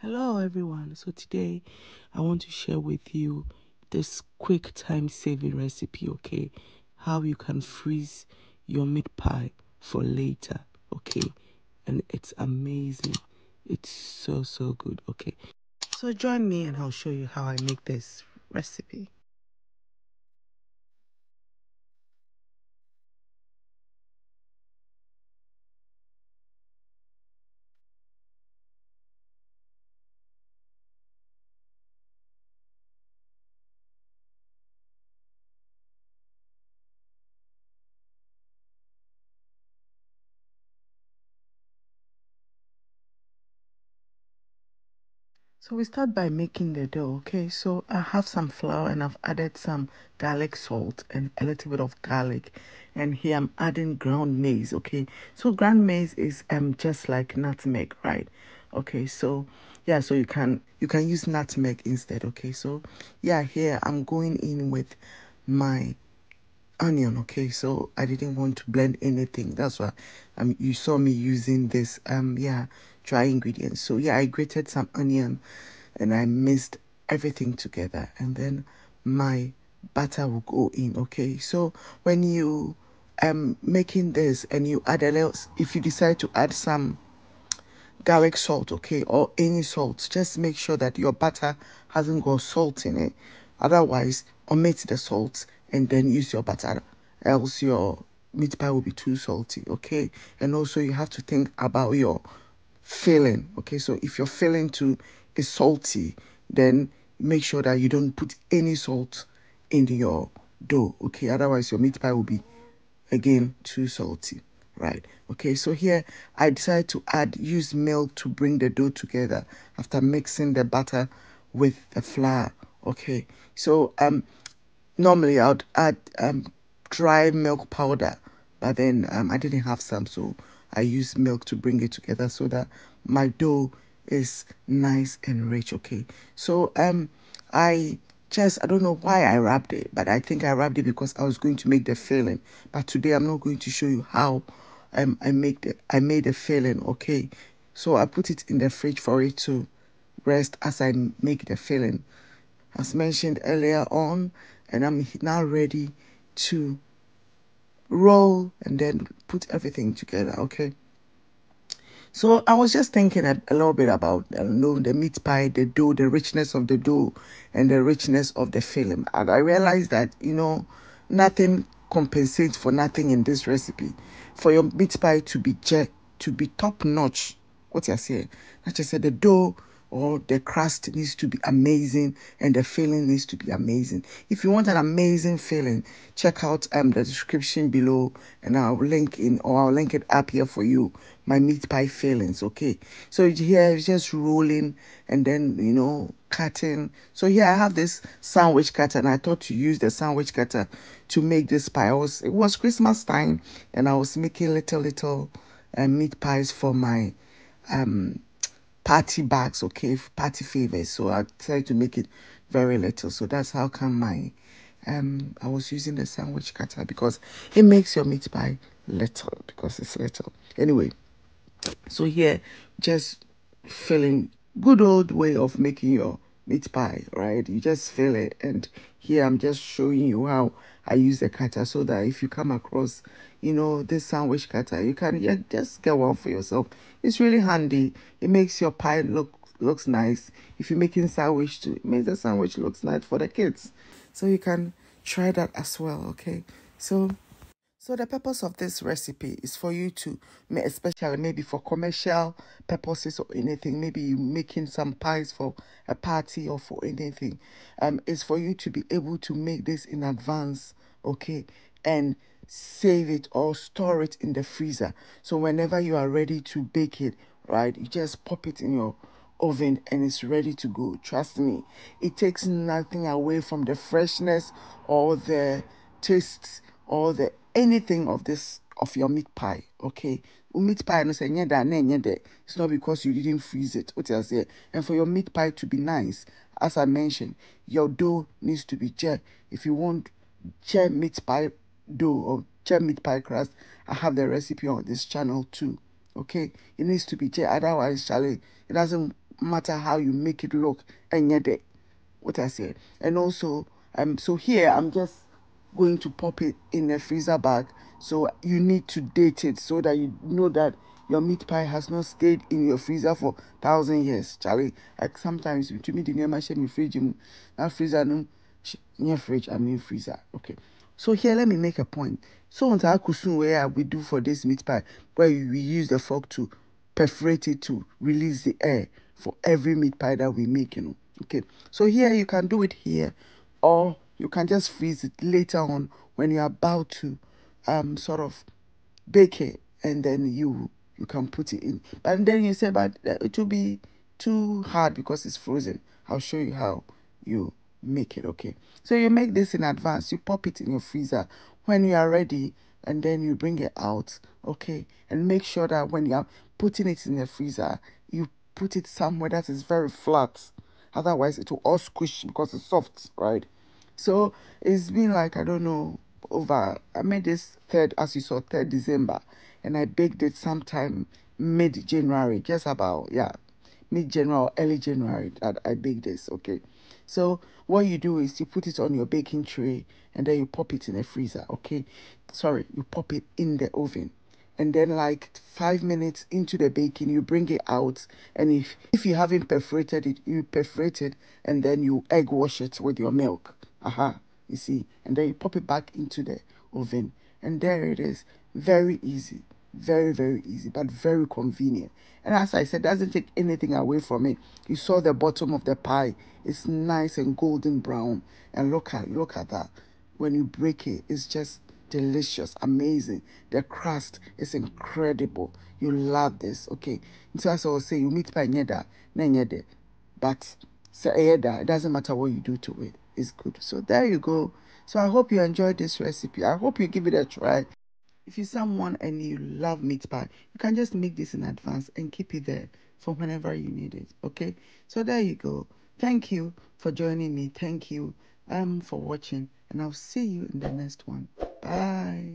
Hello everyone, so today I want to share with you this quick time saving recipe, okay? How you can freeze your meat pie for later, okay? And it's amazing. It's so, so good, okay? So join me and I'll show you how I make this recipe. So we start by making the dough, okay? So I have some flour and I've added some garlic salt and a little bit of garlic. And here I'm adding ground maize, okay? So ground maize is um just like nutmeg, right? Okay, so yeah, so you can you can use nutmeg instead, okay? So yeah, here I'm going in with my onion okay so i didn't want to blend anything that's why um you saw me using this um yeah dry ingredients so yeah i grated some onion and i mixed everything together and then my butter will go in okay so when you um making this and you add a little if you decide to add some garlic salt okay or any salt just make sure that your butter hasn't got salt in it otherwise omit the salt and then use your butter else your meat pie will be too salty okay and also you have to think about your filling okay so if your filling too is salty then make sure that you don't put any salt in your dough okay otherwise your meat pie will be again too salty right okay so here i decided to add use milk to bring the dough together after mixing the butter with the flour okay so um normally I'd add um, dry milk powder, but then um, I didn't have some, so I used milk to bring it together so that my dough is nice and rich. Okay, so um, I just I don't know why I wrapped it, but I think I wrapped it because I was going to make the filling. But today I'm not going to show you how um, I make the I made the filling. Okay, so I put it in the fridge for it to rest as I make the filling. As mentioned earlier on, and I'm now ready to roll and then put everything together, okay? So I was just thinking a, a little bit about you know, the meat pie, the dough, the richness of the dough, and the richness of the filling. And I realized that, you know, nothing compensates for nothing in this recipe. For your meat pie to be jet, to be top notch, what you're saying? I just said the dough or oh, the crust needs to be amazing and the filling needs to be amazing. If you want an amazing filling, check out um, the description below and I'll link in or I'll link it up here for you. My meat pie fillings, okay? So here it's just rolling and then you know cutting. So here I have this sandwich cutter and I thought to use the sandwich cutter to make this pie. I was it was Christmas time and I was making little little uh, meat pies for my um party bags, okay, party favors. So I tried to make it very little. So that's how come my um I was using the sandwich cutter because it makes your meat pie little because it's little. Anyway, so here just filling good old way of making your meat pie, right? You just feel it. And here I'm just showing you how I use the cutter so that if you come across, you know, this sandwich cutter, you can just get one for yourself. It's really handy. It makes your pie look looks nice. If you're making sandwich too, it makes the sandwich looks nice for the kids. So you can try that as well, okay? So so the purpose of this recipe is for you to, especially maybe for commercial purposes or anything, maybe you making some pies for a party or for anything, um, is for you to be able to make this in advance, okay, and save it or store it in the freezer. So whenever you are ready to bake it, right, you just pop it in your oven and it's ready to go. Trust me, it takes nothing away from the freshness or the tastes or the anything of this of your meat pie, okay? Meat pie, no say that, that. It's not because you didn't freeze it. What I say, and for your meat pie to be nice, as I mentioned, your dough needs to be chair. If you want chair meat pie dough or chair meat pie crust, I have the recipe on this channel too. Okay, it needs to be chair. Otherwise, Charlie, it doesn't matter how you make it look. And yet, what I said, and also, um, so here I'm just going to pop it in a freezer bag. So you need to date it so that you know that your meat pie has not stayed in your freezer for thousand years. Charlie, like sometimes to me the name I share fridge, not freezer no near fridge, I mean freezer. Okay. So here let me make a point. So on kusun where we do for this meat pie, where we use the fork to perforate it to release the air for every meat pie that we make, you know. Okay. So here you can do it here or you can just freeze it later on when you're about to um, sort of bake it and then you you can put it in but then you say but uh, it will be too hard because it's frozen i'll show you how you make it okay so you make this in advance you pop it in your freezer when you are ready and then you bring it out okay and make sure that when you are putting it in the freezer you put it somewhere that is very flat otherwise it will all squish because it's soft right so it's been like, I don't know, over. I made this third, as you saw, third December, and I baked it sometime mid January, just about, yeah, mid January, early January that I baked this, okay. So what you do is you put it on your baking tray and then you pop it in the freezer, okay? Sorry, you pop it in the oven. And then like five minutes into the baking, you bring it out. And if, if you haven't perforated it, you perforate it and then you egg wash it with your milk. Aha, you see, and then you pop it back into the oven. And there it is. Very easy. Very, very easy, but very convenient. And as I said, doesn't take anything away from it. You saw the bottom of the pie. It's nice and golden brown. And look at look at that. When you break it, it's just delicious, amazing. The crust is incredible. You love this, okay? so as I was saying, you meet by nyeda, but it doesn't matter what you do to it is good so there you go so i hope you enjoyed this recipe i hope you give it a try if you're someone and you love meat pie you can just make this in advance and keep it there for whenever you need it okay so there you go thank you for joining me thank you um for watching and i'll see you in the next one bye